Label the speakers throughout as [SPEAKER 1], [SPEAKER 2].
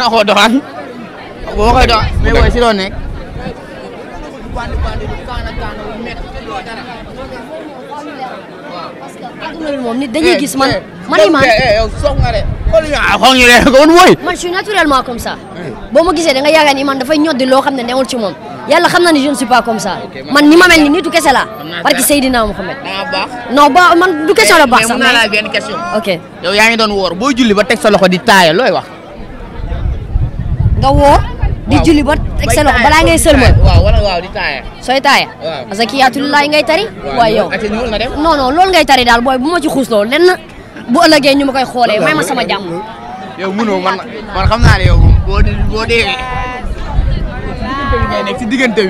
[SPEAKER 1] naa koo doxal. boo ma koy doxal mais booy si loo nekk. moom nit dañuy eh, gis man. Eh, man man eh, yow man je naturellement comme ça. Hmm. boo ma gisee da nga yaakaar ni man dafay ñoddi loo xam ne newul ci moom. yàlla xam na ni je ne pas comme ça. man ni ma mel ni nitu kese la. parce que Seydina Mouhamed. non ba man du question la baax sax. mais mun naa la benn question. ok yow yaa ngi boo julli ba teg sa loxo di taaya looy wax. nga woor. di julli ba teg sa loxo ngay sëlmal. waaw wala waaw di taaya. sooy que kiyaatulilaay ngay tari. waaye yow non non loolu ngay tari daal booy bu ma ci xuus loolu lenn bu ëllëgee ñu ma koy xoolee may ma sama yow mënoo man man xam naa yow boo boo
[SPEAKER 2] bi.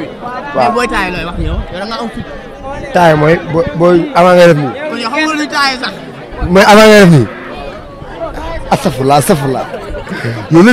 [SPEAKER 2] waaw booy taaya looy wax
[SPEAKER 3] mooy boo booy avant ngay def nii. kon yow xam nga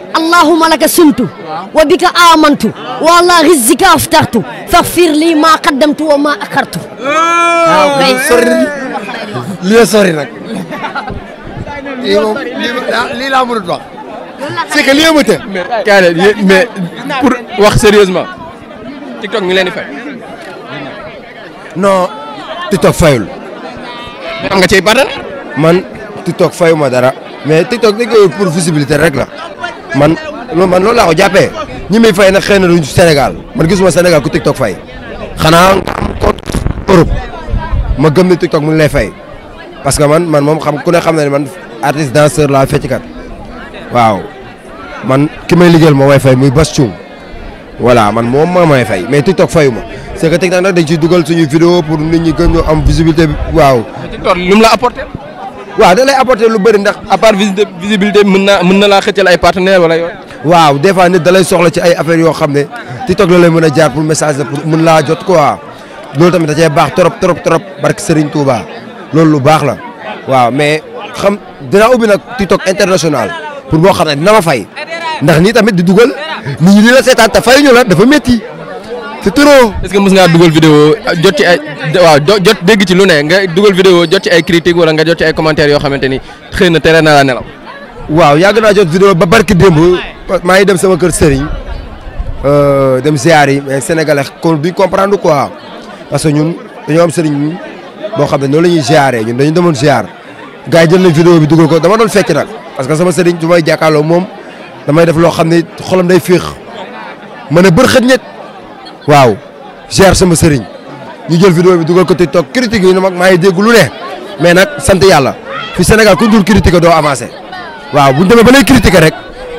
[SPEAKER 1] allahuma laka sumtu wa bika amantu wa ala rizqika aftartu faghfir li ma qaddamtu wa ma akhartu
[SPEAKER 3] waaw kay sori li sori nag lii moom ah, lii laa mënut wax c'est que lii ma të mais pour wax sérieusement
[SPEAKER 2] TikTok ñu leen di fay
[SPEAKER 3] non TikTok fayul am nga cey partenaire man TikTok fayu ma dara mais TikTok dañ koy pour visibilité rek la man man loolu laa ko ñi muy fay na xëy na duñ Sénégal man gisuma Sénégal ku TikTok fay xanaa nga am compte Europe ma gëm ne TikTok mu ngi lay fay parce que man man moom xam ku ne xam na ne man artiste la laa fecckat waaw man ki may liggéeyal moo may fay muy Bass Thioung voilà man moom moo may fay mais TikTok fayu ma c'est que TikTok nag dañ ciy dugal suñuy vidéo pour nit ñi gën ñu am visibilité bi waaw. waaw da lay apporter lu
[SPEAKER 2] bari ndax à part visibilité mën naa mën na laa xëccal ay partenaires wala yooyu.
[SPEAKER 3] waaw des fois nit da lay soxla ci ay affaires yoo xam ne TikTok la lay mën a jaar pour message la pour mën laa jot quoi loolu tamit da cee baax trop trop trop barke Serigne Touba loolu lu baax la waaw mais xam dinaa ubbi nag TikTok international pour boo xam ne dina ma fay ndax nii tamit di dugal nit ñi di la seetaan te fayuñu la dafa métti. c'est trop. est-ce que mës ngaa dugal vidéo jot ci ay
[SPEAKER 2] jot dégg ci lu ne nga dugal vidéo jot ci ay critiques wala nga jot ci ay commentaires yoo xamante ni xëy
[SPEAKER 3] na tere na la nelaw. waaw yàgg naa jot vidéo ba barki démb maa ngi dem sama kër Serigne euh, dem ziar yi mais sénégalais kon duñ comprendre quoi parce que ñun dañoo sëriñ Serigne boo xam ne noonu la ñuy ziaree ñun dañu demoon ziar gars yi jël nañ vidéo bi dugal ko dama doon fecc nag parce que sama Serigne du may jàkkaarloo moom damay def loo xam ne xolam day féex mën a bër xëj waaw gère sama sëriñ ñu jël vidéo bi dugal ko TikTok critique na nag maa ngi dégg ne mais nag sant yàlla fi Sénégal ku dul doo avancé waaw bu ñu demee ba lay critiquer rek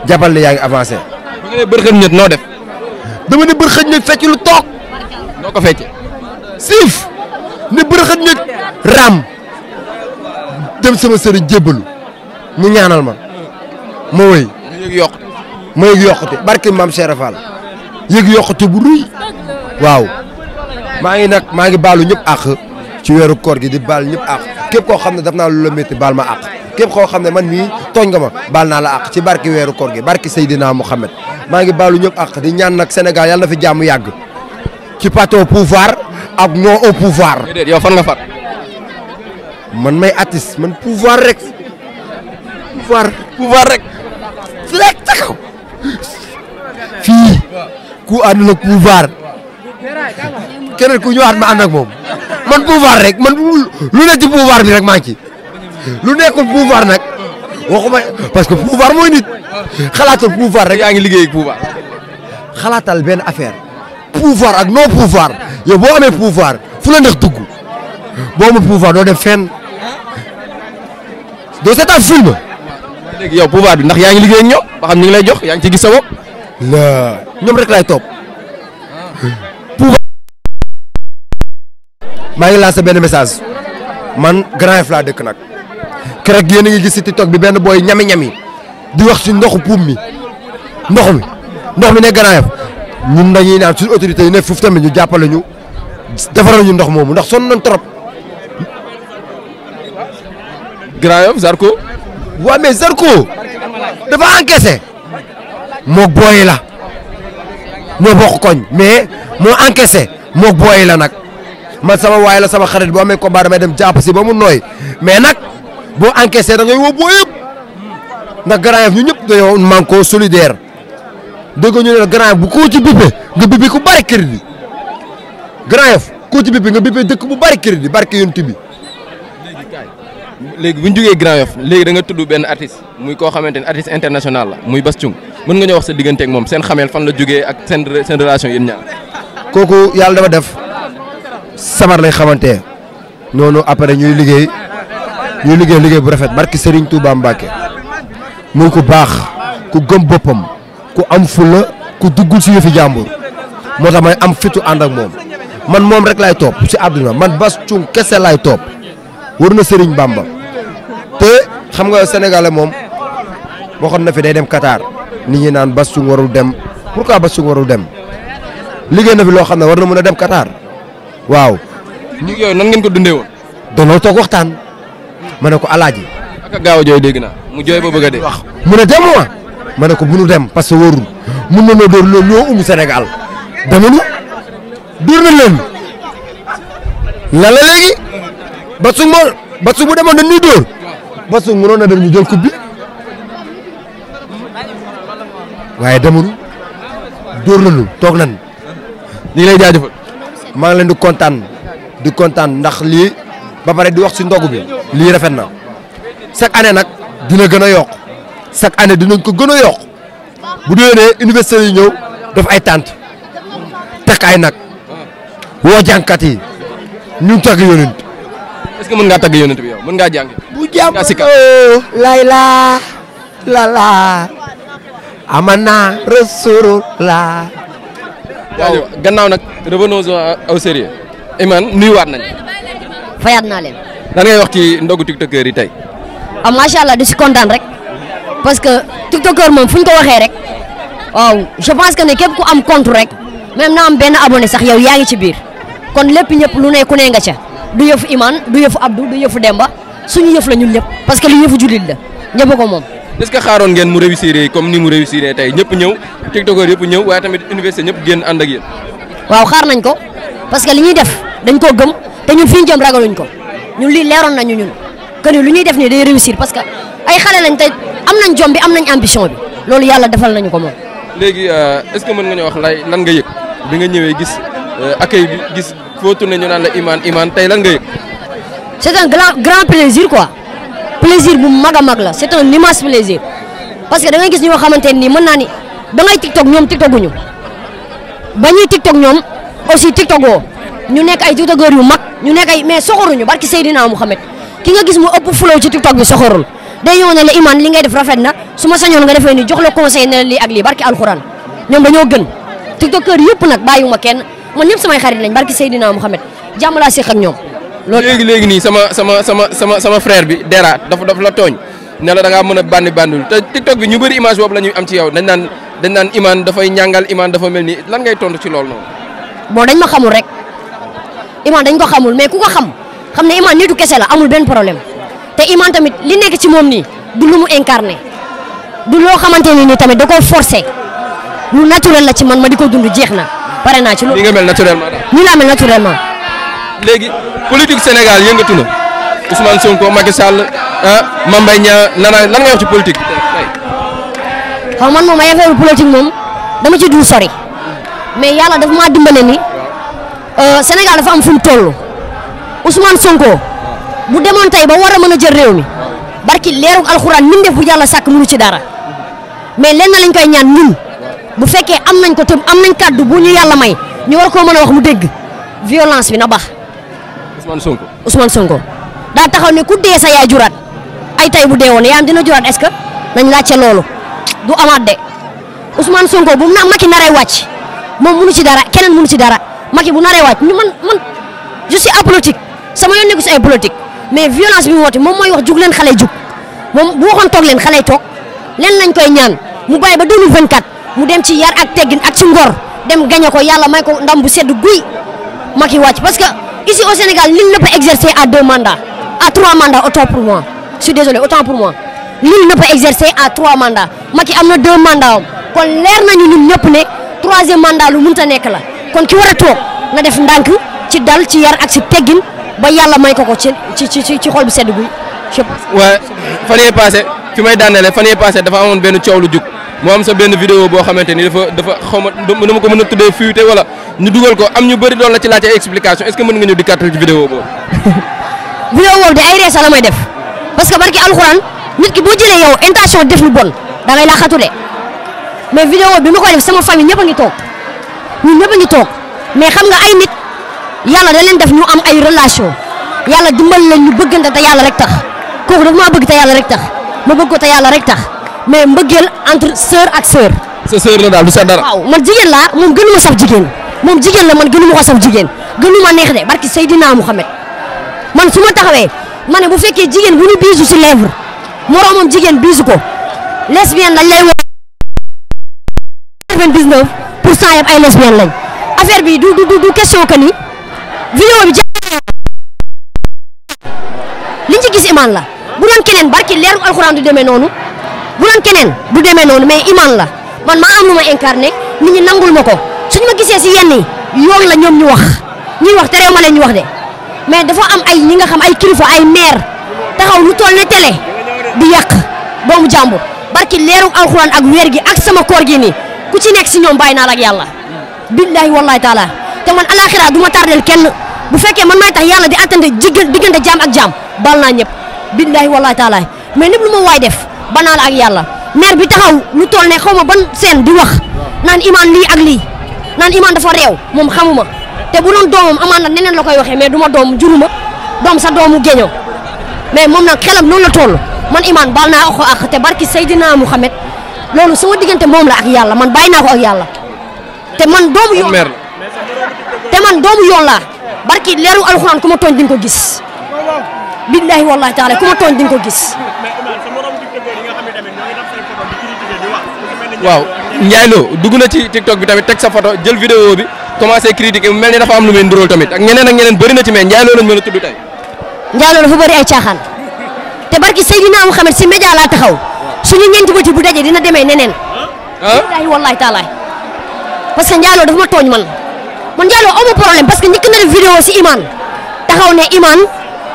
[SPEAKER 3] jàppal ne yaa ngi avancé. bu ñu nee bër ne bër xëj ñett fecc lu toog. noo ko feccee. siif ne bër xëj ñett raam sama sëriñ jébbalu mu ñaanal ma ma wëy. ma yëg yokkute barki maam Cheikh Fall yëg yokkute bu rëy waaw maa ngi nag maa ngi baalu ñëpp àq ci weeru koor gi di bal ñëpp àq képp koo xam ne daf naa lu la bal ma àq képp koo xam ne man mii tooñ nga ma baal naa la àq ci barki weeru koor gi barki Seydina Mohamed maa ngi baalu ñëpp àq di ñaan nag senegal yàlla na fi jàmm yàgg ci parti au ak non au pouvoir. yow fan nga man may rek. fii. ku àndul ak pouvoir ku ñëwaat ma ànd ak moom man pouvoir rek man lu ne ci pouvoir bi rek maa ngi ci lu nekkul pouvoir nag waxuma parce que pouvoir mooy nit xalaatal pouvoir rek yaa ngi liggéey ak pouvoir xalaatal benn affaire pouvoir ak non pouvoir yow boo amee pouvoir fu la neex dugg boo amul pouvoir doo def fenn doo seetaan
[SPEAKER 2] film. léegi yow pouvoir bi ndax yaa ngi liggéey ak ñoom ba xam ni ngi lay jox yaa ngi ci gis
[SPEAKER 3] la ñoom rek laay toog pouvoir. maa ngi lancé benn message man Grand Yoff laa dëkk nag keroog yéen a ngi gis si TikTok bi benn booy ñami-ñami di wax si ndoxu puum mi ndox mi ndox mi ne Grand Yoff ñun dañuy naan suñu autorités yi ne foofu tamit ñu jàppale ñu defaral ñu ndox moomu ndax sonn nañ trop. Grand Yoff Zarko. waaw mais Zarko dafa encaissé. moo booy la ñoo bokk koñ mais moo encaissé moo booy la nag man sama waay la sama xarit boo amee combat damay dem jàpp si boo mu nooy mais nag boo encaissé da ngay woo booy yëpp ndax Grand Yoff ñu ñëpp dañoo manko solidaire dégg ñu ne Grand Yoff bu koo ci bippe nga bippe ku bari crédit Grand Yoff koo ci bippe nga bippe dëkk bu bari crédit barke yonent bi
[SPEAKER 2] léegi bu ñu jógee Grand Yoff léegi danga tudd benn artiste muy koo xamante ne artiste international la muy Bass Thioung mën nga ñoo wax sa digganteeg moom seen xameel fan la jógee ak seen seen relation yéen ñaar.
[SPEAKER 3] kooku yàlla dafa def samar lay xamante noonu après ñuy liggéey ñuy liggéey liggéey bu rafet barki Serigne Touba Mbacke muy ku baax ku gëm boppam ku am fulla ku duggul si yëfi jàmbur moo tax may am fitu ànd ak moom man moom rek laay toog ci àdduna man Bass kese laay topp. wër na Serigne Bamba te xam nga sénégalais moom waxoon na fi day dem Qatar nit ñi naan Bass Thioung dem pourquoi Bass Thioung warul dem liggéey na fi loo xam ne war na mën a dem Qatar waaw. ñu yooyu nan ngeen ko dundee woon. danoo toog waxtaan ma ne ko alaaji. ak gaaw a
[SPEAKER 2] dégg naa mu jooy ba a dee.
[SPEAKER 3] dem wa ma ne ko bu u dem parce que wóorul mun na noo dóor ñoo umu Sénégal dama nu dóor na ba su ma bu demoon dañ ñuy dóor ba su mënoon na dem ñu jël bi waaye demul dóor lu toog nañ ñu ngi lay jaajëfal. maa ngi leen di kontaan di kontaan ndax lii ba pare di wax si ndogu bi lii rafet na chaque année nag dina gën a yokk chaque année dinañ ko gën a yokk bu déwénee université yi ñëw daf ay tànt takk ay nag woo jànkat yi
[SPEAKER 2] ñu tagg est-ce que mën ngaa tagg yonent bi yow mën ngaa jàng.
[SPEAKER 3] bu jàmmaloo layla lala amana rasulullah.
[SPEAKER 2] jaajëf gannaaw nag revenons au sérieux Iman nuyuwaat nañ fayaat naa leen. lan wax ci ndogu tiktokeur yi tey.
[SPEAKER 1] ah macha allah di si kontaan rek parce que tiktokeur moom fu ñu ko waxee rek waaw je pense que ne képp ku am compte rek même na am benn abonné sax yow yaa ngi ci biir kon lépp ñëpp lu ne ku ne nga ca. du yëfu imaan du yëfu Abdou du yëfu Demba ñu yëf la ñun ñëpp parce que li yëfu jullit la ñëpp ko moom.
[SPEAKER 2] est-ce que xaaroon ngeen mu réussir comme ni mu réussir tey ñëpp ñëw tiktokeur yëpp ñëw waaye tamit université ñëpp génn ànd ak yéen.
[SPEAKER 1] waaw xaar nañ ko parce que li ñuy def dañ koo gëm te ñun fi ñu jëm ko ñun lii leeroon nañu ñun que lu ñuy def nii day réussir parce que ay xale te am nañ jom bi am nañ ambition bi loolu yàlla defal nañu ko moom.
[SPEAKER 2] léegi euh, est-ce que mën nga ñu wax lay lan nga yëg bi nga ñëwee gis euh, accueil bi gis. foo tourné ñu naan la Imane Imane tey lan nga yëg.
[SPEAKER 1] c' est un grand grand plaisir quoi plaisir bu mag a mag la c' est un immense plaisir parce que da ngay gis ñoo xamante nii mën naa ba ngay tiktok ñoom tiktokuñu ba ñuy tiktok ñoom aussi tiktokoo ñu nekk ay tiktokeur yu mag ñu nekk ay mais soxoruñu barki Seydina Mouhamed ki nga gis mu ëpp flow ci tiktok bi soxorul day ñëw ne la Imane li ngay def rafet na su ma sañoon nga defee ni jox la conseil ne la lii ak lii barki alxuraan ñoom dañoo gën tiktokeur yëpp nag bàyyiwuma kenn. man ñëpp samay xarit lañ barki Seydina Mohamed jàmm laa séq ak ñoom.
[SPEAKER 2] loolu léegi léegi nii sama sama sama sama sama frère bi Dera dafa dafa la tooñ ne la da ngaa mën a bandi bandul te TikTok bi ñu bëri image boobu la ñuy am ci yow dañ naan dañ naan Imane dafay ñàngal Imane dafa mel ni lan ngay tontu ci lool noonu.
[SPEAKER 1] moo dañ ma xamul rek Imane dañ ko xamul mais ku ko xam xam ne Imane nitu kese la amul benn problème te Imane tamit li nekk ci moom nii du lu mu incarné du loo xamante ne nii tamit da koo forcé lu naturel la ci man ma di ko dund jeex na. pare naa ci lu. nii nga
[SPEAKER 2] mel naturellement daal.
[SPEAKER 1] nii laa mel naturellement. léegi
[SPEAKER 2] politique Sénégal yëngatu na Ousmane Sonko Macky Sall ah Mame Mbaye Niang nana lan nga wax ci politique.
[SPEAKER 1] xaw man moom ay affaire politique moom dama ci dul sori mais yàlla daf maa dimbale ni euh, Sénégal dafa am fu mu toll Ousmane Sonko bu demoon tey ba war a mën a jël réew mi barki leerug alxuraan ni mu def bu yàlla sàkk mënu ci dara mais lenn lañ koy ñaan ñun. bu fekkee am nañ ko te am nañ kàddu bu ñu yàlla may ñu war koo mën a wax mu dégg violence bi na baax. Ousmane Sonko Ousmane Sonko daa taxaw ne ku dee sa yaay juraat ay tay bu dee woon yaayam dina juraat est-ce que nañ laajte loolu du amaat de Ousmane Sonko bu na Macky naree wàcc moom munu si dara keneen munu si dara Macky bu naree wàcc ñu man man je suis sama yoon nekku si ay mais violence bi mu woote moom mooy wax jug leen xale jug moom bu waxoon toog leen xale toog leen lañ koy ñaan mu bàyyi ba mu dem ci yar ak teggin ak ci ngor dem gagné ko yàlla may ko ndam bu sedd guy Macky wàcc parce que ici au Sénégal nul ne peut exercer à deux mandats à trois mandats autant pour moi je suis désolé autant pour moi nul ne peut exercer à trois mandats Macky am na deux mandats am kon leer nañu ñun ñëpp ne troisième mandat lu mënta nekk la kon ki war a toog na def ndànk ci dal ci yar ak ci teggin ba yàlla may ko ko ci ci ci ci xol bu sedd guy. je pense. fan yee paase
[SPEAKER 2] fi may daanelee fan yee paase dafa benn coow lu jug mu am sa benn vidéo boo xamante ni dafa dafa xaw ma nu ma ko mën a tuddee fuité wala ñu dugal ko am ñu bëri doon la ci laajte explication est-ce que mën nga ñu dikkatal ci vidéo boobu.
[SPEAKER 1] vidéo boobu bi ay reesa la may def parce que barki alxuraan nit ki boo jëlee yow intention def lu bon da ngay laaxatu de mais vidéo bi ma koy def sama famille ñëpp a ngi toog ñun ñëpp a ngi toog mais xam nga ay nit yàlla da def ñu am ay relation yàlla dimbal leen ñu bëggante te yàlla rek tax kooku dafa maa bëgg te yàlla rek tax ma bëgg ko te yàlla rek tax. mais mbëggeel entre sœur ak sœur. sa sœur la daal du sa dara. man jigéen laa moom gënu ma saf jigéen moom jigéen la man gënu ma ko saf jigéen gënu ma neex de barki Seydina Mouhamed man su ma taxawee ma ne bu fekkee jigéen bu ñu biisu si lèvre moroomam jigéen biisu ko lesbienne lañ lay woo. 99 pour cent yëpp ay lesbienne lañ affaire bi du du du question liñ ci gis imaan la bu doon keneen barki leeru alxuraan du noonu. bu doon keneen du demee noonu mais imaan la man maa am lu ma incarné nit ñi nangul ma ko suñu ma gisee si yenn yi yoon la ñoom ñu wax ñuy wax terew ma leen ñu wax de mais dafa am ay ñi nga xam ay kilifa ay maire taxaw lu toll ne télé di yàq doomu jàmbur barki leeru alxuraan ak weer gi ak sama koor gi nii ku ci nekk si ñoom bay naa la ak yàlla. billahi wallahi taala te man alaxira du ma tardel kenn bu fekkee man maay tax yàlla di attendre jigéen diggante jaam ak jaam baal naa ñëpp billahi wallahi taala mais lépp lu ma waay banaa la ak yàlla maire bi taxaw lu toll ne xaw ma ban seen di wax naan imaan lii ak lii naan imaan dafa réew moom xamuma te bu doon doomam amaan na neneen la koy waxee mais du ma doom juruma doom sa doomu géñoo mais moom na xelam noonu la toll man imaan baal naa ko ak te barki Seydina Muhammad loolu sama diggante moom la yàlla man bàyyi naa yàlla te man doomu yoon man doomu yoon laa barki leeru alxuraan ku ma tooñ di nga ko gis billaahi wallaahi taala ku ma tooñ di nga ko gis waaw Ndiaye Lo dugg na ci TikTok
[SPEAKER 2] bi tamit teg sa photo jël vidéo bi commencé critiquer mu mel ni dafa am lu muy nduróol tamit ak ñeneen ak ñeneen bëri na ci mais Ndiaye Lo lañ mën a tudd tey
[SPEAKER 1] Ndiaye Lo dafa bëri ay caaxaan te barki Seydina Mouhamed si média laa taxaw suñu ñeenti ko ci bu dajee dina demee neneen wallaahi ah? wallaahi taalaay parce que Ndiaye Lo dafa ma tooñ man man Ndiaye Lo amu problème parce que njëkk na def vidéo si Iman taxaw ne Iman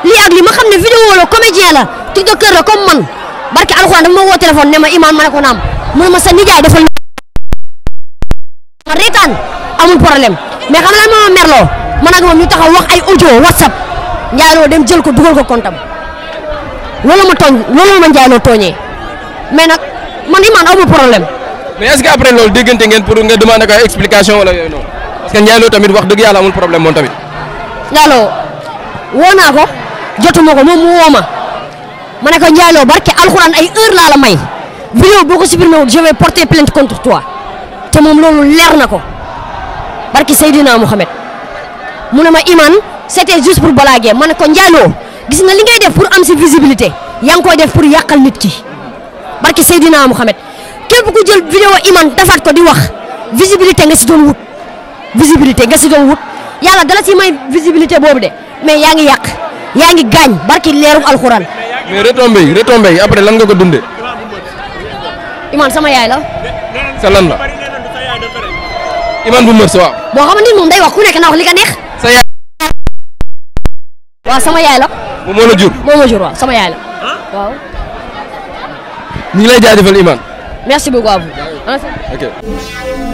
[SPEAKER 1] lii ak li ma xam ne vidéo la barke alxuraan dafa ma woo téléphone ne ma imaam ma ne ko naam mu ne ma sa nijaay defal ma reetaan amul problème mais xam naa ma merloo man ak ñu taxaw wax ay audio whatsapp Ndiaye Lo dem jël ko dugal ko kontam loolu ma tooñ loolu ma Ndiaye Lo tooñee mais nag man imaam amul problème.
[SPEAKER 2] mais est-ce que après loolu déggante ngeen pour nga demander ko explication wala yooyu noonu parce que Ndiaye Lo tamit wax dëgg yàlla amul problème moom tamit.
[SPEAKER 1] naa ko jotuma ko ma ne ko Ndiaye Lo barke alxuraan ay heure laa la may vidéo boo ko supprimé wul je vais porter contre toi te moom loolu leer na ko barke Seydina Mohamed mu ne ma Iman c'était juste pour blaguer ma ne ko Ndiaye Lo gis nga li ngay def pour am si visibilité yaa def pour yàqal nit ki barke Seydina Mohamed képp ku jël vidéo Iman defar ko di wax visibilité nga si doon wut visibilité nga si doon wut yàlla dala si may visibilité boobu de mais yaa ngi yàq yaa ngi gaañ barki leeru alxuraan
[SPEAKER 2] mais retombé yi retombé yi après lan nga ko dundee.
[SPEAKER 1] Iman sama yaay la. sa lan la. Iman bu mës waaw. boo xamante ni moom day wax ku nekk na wax li neex. sa sama yaay la. moom moo la jur moo ma jur waaw sama yaay la waaw. ñu ngi lay jaajëfal merci beaucoup à vous.